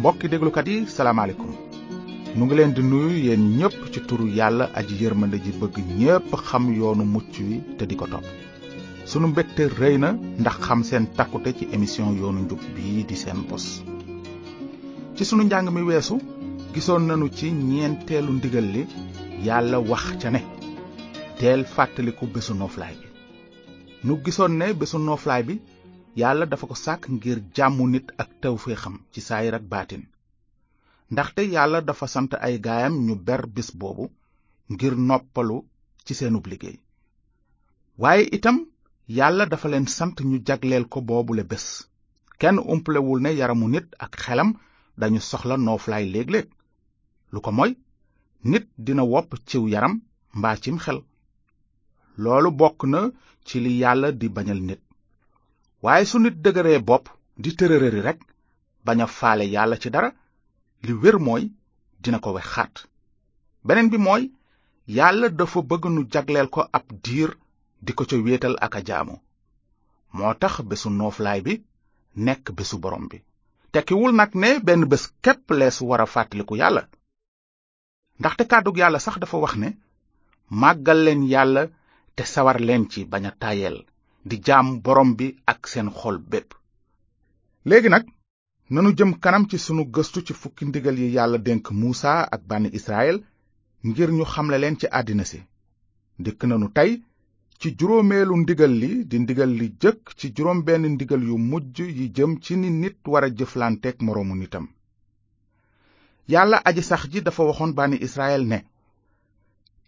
mbokki déglukat yi salaamaaleykum mu ngi leen di nuyu yéen ñépp ci turu yàlla aj yërmande ji bëgg ñépp xam yoonu mucc wi te di ko topp sunu mbégte rëy na ndax xam seen takkute ci émission yoonu njub bii di seen bos ci sunu njàng mi weesu gisoon nañu ci ñeenteelu ndigal li yàlla wax ca ne teel fàttaliku bésu nooflaay bi nu gisoon ne bésu nooflaay bi yàlla dafa ko sàkk ngir jàmmu nit ak tawféexam ci saayir ak baatin ndaxte yàlla dafa sant ay gaayam ñu ber bis boobu ngir noppalu ci seenub liggéey waaye itam yàlla dafa leen sant ñu jagleel ko boobule bés kenn umpalewul ne yaramu nit ak xelam dañu soxla nooflaay léeg-léeg lu ko mooy nit dina wopp ciw yaram mbaa cim xel loolu bokk na ci li yàlla di bañal nit waaye su nit dëgëree bopp di tërërëri rekk bañ faale yàlla ci dara li wér mooy dina ko wexaat beneen bi mooy yàlla dafa bëgg nu jagleel ko ab diir di ko ca wéetal ak a jaamu moo tax bésu nooflaay bi nekk bésu borom bi tekkiwul nag ne benn bés képp lees war a fàttaliku yàlla ndaxte kàddug yàlla sax dafa wax ne màggal leen yàlla te sawar leen ci bañ a tàyyeel di jaam borom bi ak seen xol bépp léegi nag nanu jëm kanam ci sunu gëstu ci fukki ndigal yi yàlla dénk muusa ak bànni israel ngir ñu xamle leen ci àddina si dikk nanu tey ci juróomeelu ndigal li di ndigal li jëkk ci juróom benn ndigal yu mujj yi jëm ci ni nit wara jëflanteek moroomu nitam yàlla aji sax ji dafa waxoon bànni israel ne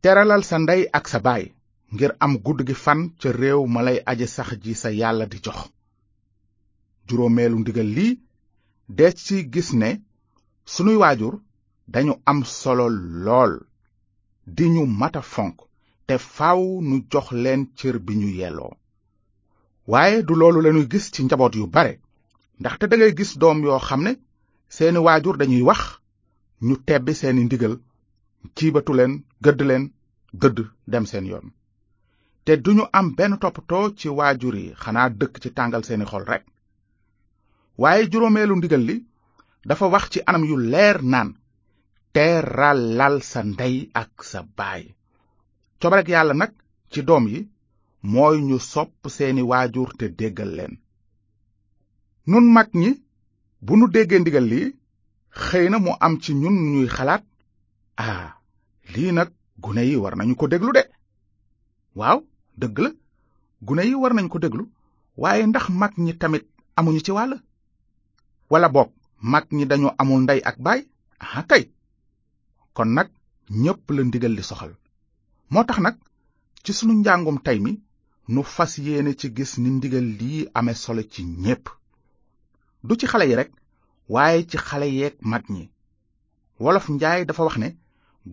teralal sa ndey ak sa baay ngir am gudd gi fan ca réew ma lay aje sax ji sa yàlla di jox juróomeelu ndigal lii dees ci gis ne sunuy waajur dañu am solo lool di ñu mata fonk te faaw nu jox leen cër bi ñu yelloo waaye du loolu lañuy gis ci njaboot yu bare ndaxte dangay gis doom yoo xam ne seeni waajur dañuy wax ñu tebbi seeni ndigal ciibatu leen gëdd leen gëdd dem seen yoon te duñu am benn toppatoo ci waajur yi xanaa dëkk ci tàngal seeni xol rekk waaye juróomeelu ndigal li dafa wax ci anam yu leer naan teeralal sa ndey ak sa baay cobarek yàlla nag ci doom yi mooy ñu sopp seeni waajur te déggal leen nun mag ñi bu nu déggee ndigal lii xëy na mu am ci ñun ñuy xalaat ah lii nag gune yi war nañu ko déglu de waaw dëgg la gune yi war nañ ko déglu waaye ndax mag ñi tamit amuñu ci wàll wala boog mag ñi dañu amul ndey ak baay ah kay kon nag ñépp la ndigal li soxal moo tax nag ci sunu njàngum tey mi nu fas yéene ci gis ni ndigal di amee solo ci ñépp du ci xale yi rekk waaye ci xale yeeg mag ñi wolof njaay dafa wax ne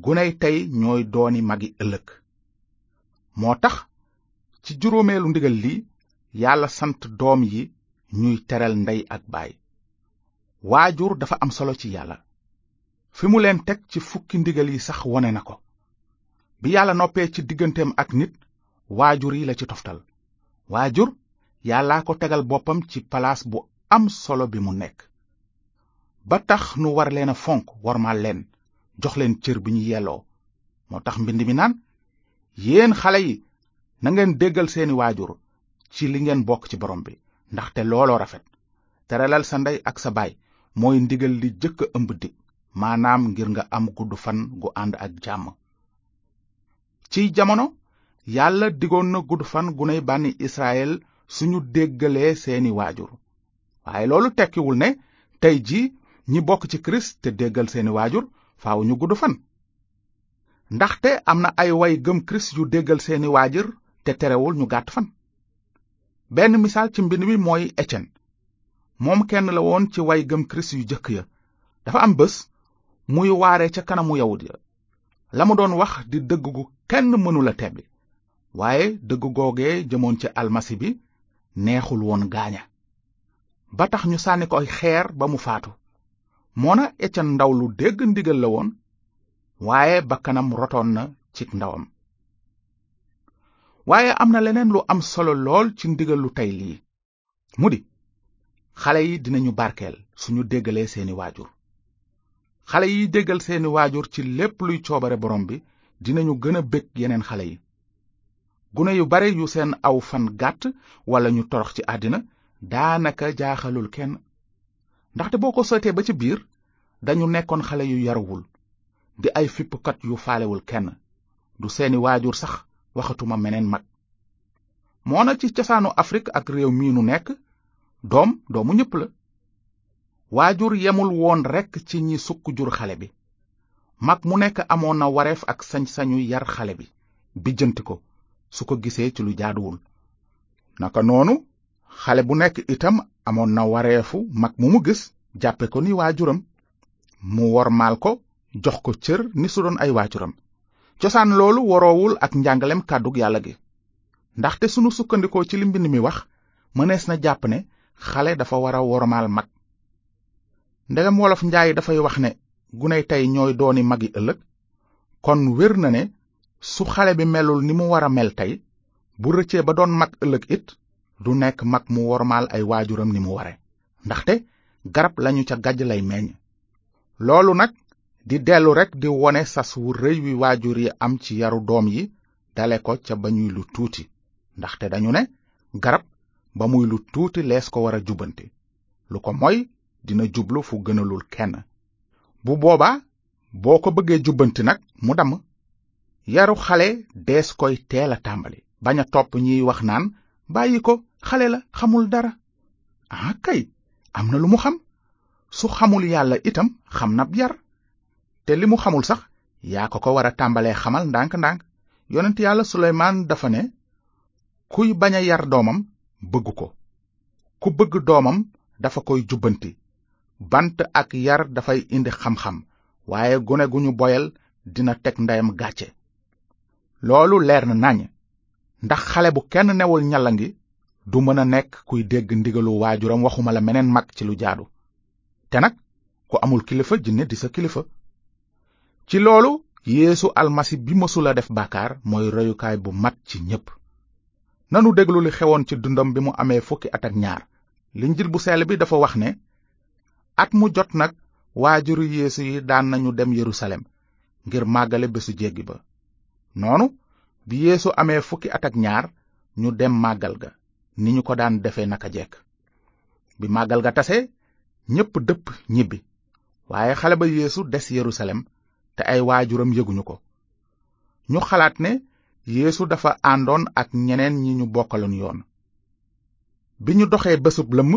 guney tey ñooy dooni magi ëllëg moo tax ci juróomeelu ndigal li yàlla sant doom yi ñuy teral ndey ak baay waajur dafa am solo ci yàlla fi mu leen teg ci fukki ndigal yi sax wone na ko bi yàlla noppee ci digganteem ak nit waajur yi la ci toftal waajur yàllaa ko tegal boppam ci palaas bu am solo bi mu nekk ba tax nu war leen fonk wormaal leen jox leen cër bi ñu yelloo moo tax mbind mi naan yéen xale yi na ngeen déggal seeni waajur ci li ngeen bokk ci borom bi ndaxte looloo rafet teralal sa ndey ak sa baay mooy ndigal li jëkk ëmb dig maanaam ngir nga am gudd fan gu ànd ak jàmm ci jamono yàlla digoon na gudd fan gunay bànni israel suñu déggalee seeni waajur waaye loolu tekkiwul ne tey ji ñi bokk ci kirist te déggal seeni waajur faaw ñu gudd fan ndaxte am na ay way gëm kirist yu déggal seeni waajur te terewul ñu gàtt fan benn misaal ci mbind mi mooy Étienne moom kenn la woon ci way gëm kirist yu jëkk ya dafa am bés muy waare ca kanamu yawut ya la mu doon wax di dëgg kenn mënula tebbi waaye dëgg googee jëmoon ci almasi bi neexul woon gaaña ba tax ñu sànni ko ay xeer ba mu faatu moona Étienne ndaw lu dégg ndigal la woon waaye bakkanam rotoon na ci ndawam waaye am na leneen lu am solo lool ci ndigal tey lii mu di xale yi dinañu barkeel suñu déggalee seeni waajur xale yi déggal seeni waajur ci lépp luy coobare borom bi dinañu gën a bég yeneen xale yi gune yu bare yu seen aw fan gàtt walla ñu torox ci àddina daanaka jaaxalul kenn ndaxte boo ko seetee ba ci biir dañu nekkoon xale yu yarawul di ay fippukat yu faalewul kenn du seeni waajur sax waxatuma meneen mag moo moona ci cosaanu Afrique ak réew mii nu nekk doom doomu ñépp la waajur yemul woon rekk ci ñi sukk jur xale bi mag mu nekk amoon na wareef ak sañ-sañu yar xale bi bijjanti ko su ko gisee ci lu jaaduwul naka noonu xale bu nekk itam amoon na wareefu mag mu mu gis jàppe ko ni waajuram mu wormaal ko jox ko cër ni su doon ay waajuram cosaan loolu woroowul ak njàngaleem kàddu yàlla gi ndaxte sunu sukkandikoo ci li mbind mi wax mënees na jàpp ne xale dafa war a wormaal mag ndegam wolof njaay dafay wax ne guney tey ñooy dooni magi ëllëg kon wér na ne su xale bi melul ni mu war a mel tey bu rëccee ba doon mag ëllëg it du nekk mag mu wormaal ay waajuram ni mu ware ndaxte garab lañu ca gàjj lay meññ loolu nag di dellu rekk di wone sas wu rëy wi waajur yi am ci yaru doom yi dale ko ca ba ñuy lu tuuti ndaxte dañu ne garab ba muy lu tuuti lees ko war a jubbanti lu ko moy dina jublu fu gënalul kenn bu boobaa boo ko bëggee jubbanti nag mu damm yaru xale dees koy teel a tàmbali bañ a topp ñiy wax naan bàyyi ko xale la xamul dara ah am na lu mu xam su xamul yàlla itam xam nab yar te li mu xamul sax yaa ko ko war a tàmbalee xamal ndànk-ndànk yonent yàlla suleymaan dafa ne kuy bañ a yar doomam bëgg ko ku bëgg doomam dafa koy jubbanti bant ak yar dafay indi xam-xam waaye gune gu ñu boyal dina teg ndeyam gàcce loolu leer na nañ ndax xale bu kenn newul ñalangi du mën a nekk kuy dégg ndigalu waajuram waxuma la meneen mag ci lu jaadu te nag ku amul kilifa jinne di sa kilifa ci loolu yeesu almasi bi mësula def bàkkaar mooy reyukaay bu mat ci ñépp nanu déglu li xewoon ci dundam bi mu amee fukki at ak ñaar linjil bu seel bi dafa wax ne at mu jot nag waajuru yéesu yi daan nañu dem yerusalem ngir màggale bésu jéggi ba noonu bi yéesu amee fukki at ak ñaar ñu dem màggal ga ni ñu ko daan defee naka jekk bi màggal ga tase ñépp dëpp ñibbi waaye xale ba yéesu des yerusalem te ay waajuram yëguñu ko ñu xalaat ne yéesu dafa àndoon ak ñeneen ñi ñu bokkaloon yoon bi ñu doxee bésub lëmm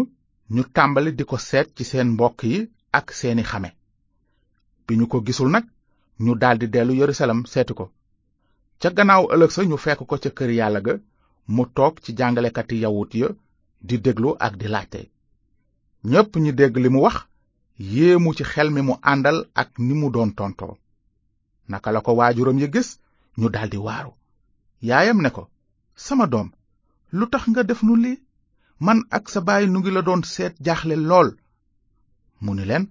ñu tàmbali di ko seet ci seen mbokk yi ak seeni xame bi ñu ko gisul nag ñu daldi dellu yerusalem seeti ko ca gannaaw ëllëg sa ñu fekk ko ca kër yàlla ga mu toog ci jàngalekati yawut ya di déglu ak di laajte ñépp ñi dégg li mu wax yéemu ci xel mi mu àndal ak ni mu doon tontoo naka la ko waajuram ya gis ñu daldi waaru yaayam ne ko sama doom lu tax nga def nu lii man ak sa baay nu ngi la doon seet jaaxle lool mu ni leen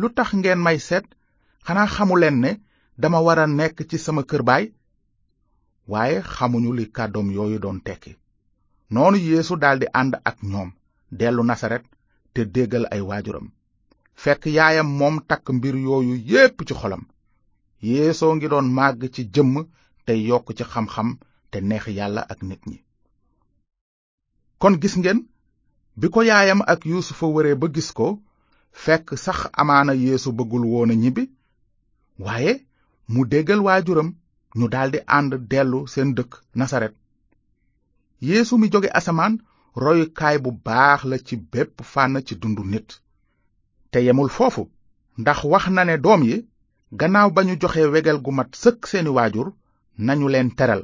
lu tax ngeen may seet xanaa xamu leen ne dama war a nekk ci sama kër baay waaye xamuñu li kàddoom yooyu doon tekki noonu yeesu daldi ànd ak ñoom dellu nasaret te déggal ay waajuram fekk yaayam moom takk mbir yooyu yépp ci xolam yeesoo ngi doon màgg ci jëmm te yokk ci xam te neex yàlla ak nit ñi kon gis ngeen bi ko yaayam ak yuusufa wëree ba gis ko fekk sax amaana yéesu bëggul woon ñibbi waaye mu déggal waajuram ñu daldi ànd dellu seen dëkk nasaret yéesu mi jóge asamaan royukaay bu baax la ci bépp fànn ci dund nit te yemul foofu ndax wax na ne doom yi gannaaw ba ñu joxee wegel gu mat sëkk seeni waajur nañu leen teral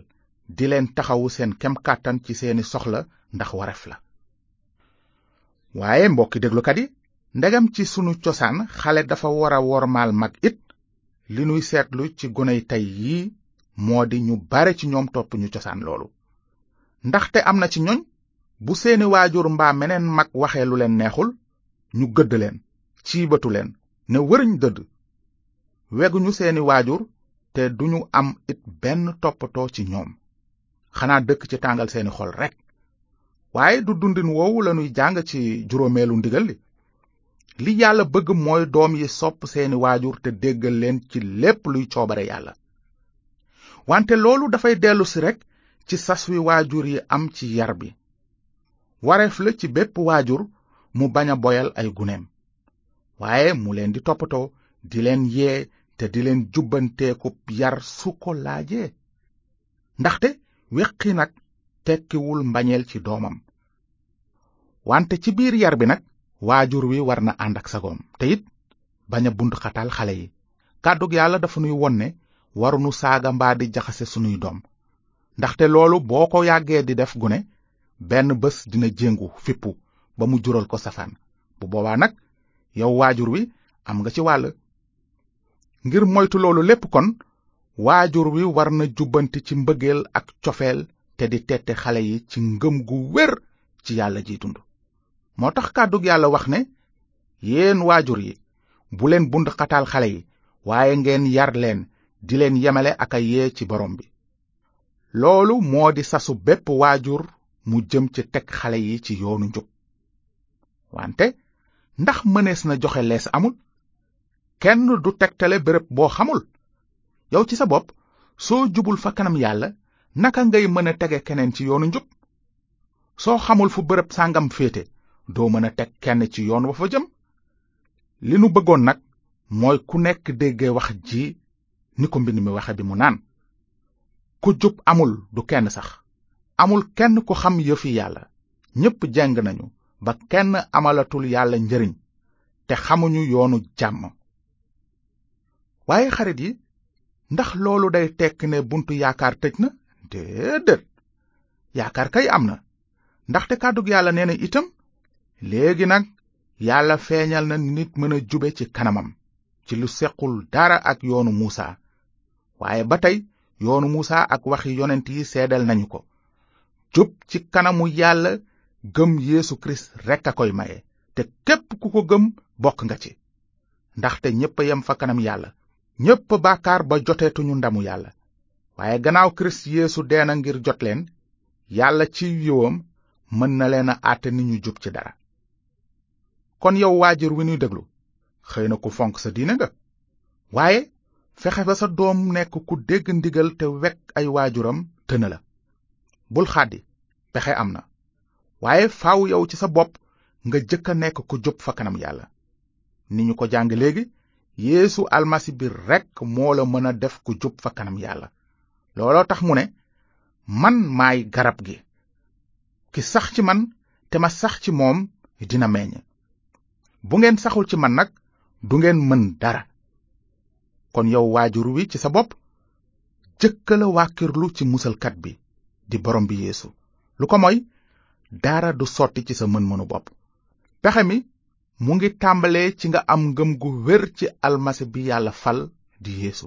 di leen taxawu seen kem kàttan ci seeni soxla ndax wareef la waaye mbokki déglukat yi ndegam ci sunu cosaan xale dafa war a wormaal mag it li nuy seetlu ci goney tey yii moo di ñu bare ci ñoom topp ñu cosaan loolu ndaxte am na ci ñoñ bu seeni waajur mbaa meneen mag waxee lu leen neexul ñu gëdd leen ciibatu leen ne wëriñ dëdd weguñu seeni waajur te duñu am it benn toppatoo ci ñoom xanaa dëkk ci tàngal seeni xol rekk waaye du dundin woowu lanuy jàng ci juróomeelu ndigal li li yàlla bëgg mooy doom yi sopp seeni waajur te déggal leen ci lépp luy coobare yàlla wante loolu dafay dellusi rekk ci sas wi waajur yi am ci yar bi wareef la ci bépp waajur mu bañ a boyal ay guneem waaye mu leen di toppatoo di leen yee te di leen jubbanteekub yar su ko laaje ndaxte weqi nag tekkiwul mbañeel ci doomam wante ci biir yar bi nag waajur wi war na ànd ak sagoom te it bañ a bund xataal xale yi kàddug yàlla dafa nuy won ne warunu saaga mbaa di jaxase sunuy doom ndaxte loolu boo ko yàggee di def gune benn bés dina jéngu fippu ba mu jural ko safaan bu boobaa nag yow waajur wi am nga ci wàll ngir moytu loolu lépp kon waajur wi war na jubbanti ci mbëggeel ak cofeel te di tette xale yi ci ngëm gu wér ci yàlla ji dund moo tax kàddug yàlla wax ne yéen waajur yi bu leen bund xale yi waaye ngeen yar leen di leen yemale ak a yee ci borom bi loolu moo di sasu bépp waajur mu jëm ci teg xale yi ci yoonu njub wante ndax mënees na joxe lees amul kenn du tegtale béréb boo xamul yow ci sa bopp soo jubul fa kanam yàlla naka ngay mën a tege keneen ci yoonu njub soo xamul fu béréb sàngam féete doo mën a teg kenn ci yoon wa fa jëm li nu bëggoon nag mooy ku nekk dégge wax ji ni ko mbind mi waxe bi mu naan ku jub amul du kenn sax amul kenn ku xam yëfi yàlla ñépp jeng nañu ba kenn amalatul yàlla njëriñ te xamuñu yoonu jàmm waaye xarit yi ndax loolu day tekk ne buntu yaakaar tëj na déedéet yaakaar kay am na ndaxte kàddu yàlla nee na itam léegi nag yàlla feeñal na nit mën a jube ci kanamam ci lu sequl dara ak yoonu muusa waaye ba tey yoonu muusa ak waxi yonent yi seedal nañu ko jub ci kanamu yàlla gëm yéesu kirist rekk a koy maye te képp ku ko gëm bokk nga ci ndaxte ñépp a yem fa kanam yàlla ñépp bàkkaar ba joteetuñu ndamu yàlla waaye gannaaw kirist yeesu dee na ngir jot leen yàlla ci yiwam mën na leen a àtte ni ñu jub ci dara kon yow waajur wi ñuy déglu xëy na ku fonk sa diine nga waaye fexe ba sa doom nekk ku dégg ndigal te wekk ay waajuram tëna la bul xàddi pexe am na waaye faaw yow ci sa bopp nga jëkk a nekk ku jub fa kanam yàlla ni ñu ko jàng léegi yéesu almasi bi rekk moo la mën a def ku jub fa kanam yàlla looloo tax mu ne man maay garab gi ki sax ci man te ma sax ci moom dina meññ bu ngeen saxul ci man nag du ngeen mën dara kon yow waajur wi ci sa bopp jëkkala kërlu ci musalkat bi di borom bi yéesu lu ko moy dara du sotti ci sa mën-mënu bopp mu ngi tàmbalee ci nga am ngëm gu wér ci almasi bi yàlla fal di yéesu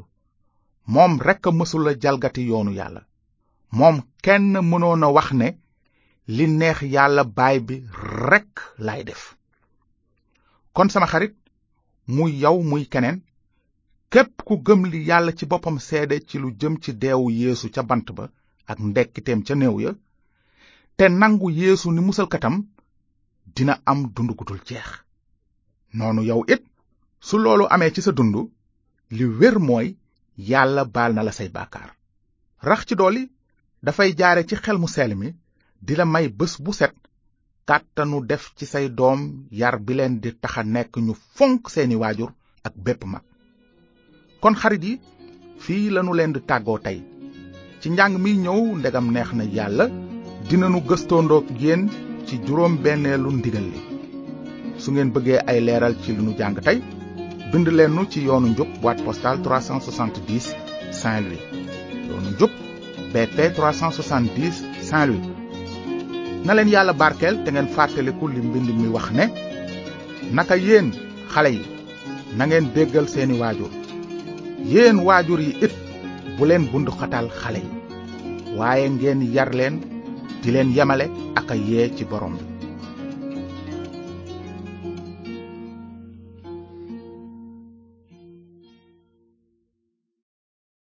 moom rekk a mësula jalgati yoonu yàlla moom kenn mënoona wax ne li neex yàlla baay bi rekk laay def kon sama xarit muy yow muy keneen képp ku gëm li yàlla ci boppam seede ci lu jëm ci deewu yéesu ca bant ba ak ndekkiteem ca néew ya te nangu yéesu ni musalkatam dina am dund gu jeex noonu yow it su loolu amee ci sa dund li wér mooy yàlla baal na la say bàkkaar rax ci dolli dafay jaare ci xel mu seel mi di la may bés bu set kàttanu def ci say doom yar bi leen di taxa nekk ñu fonk seeni waajur ak bépp mag kon xarit yi fii lanu leen di tàggoo tey ci njàng mi ñëw ndegam neex na yàlla dinanu gëstoondoog yéen ci juróom benneelu ndigal li su ngeen bëggee ay leeral ci li nu jàng tey bind leen nu ci yoonu njub boîte postale 370 Saint-Louis yoonu njub BP 370 Saint-Louis na leen yàlla barkeel te ngeen fàttaliku li mbind mi wax ne naka yéen xale yi na ngeen déggal seeni waajur yéen waajur yi it bu leen bund xale yi waaye ngeen yar leen di leen yemale ak a yee ci borom bi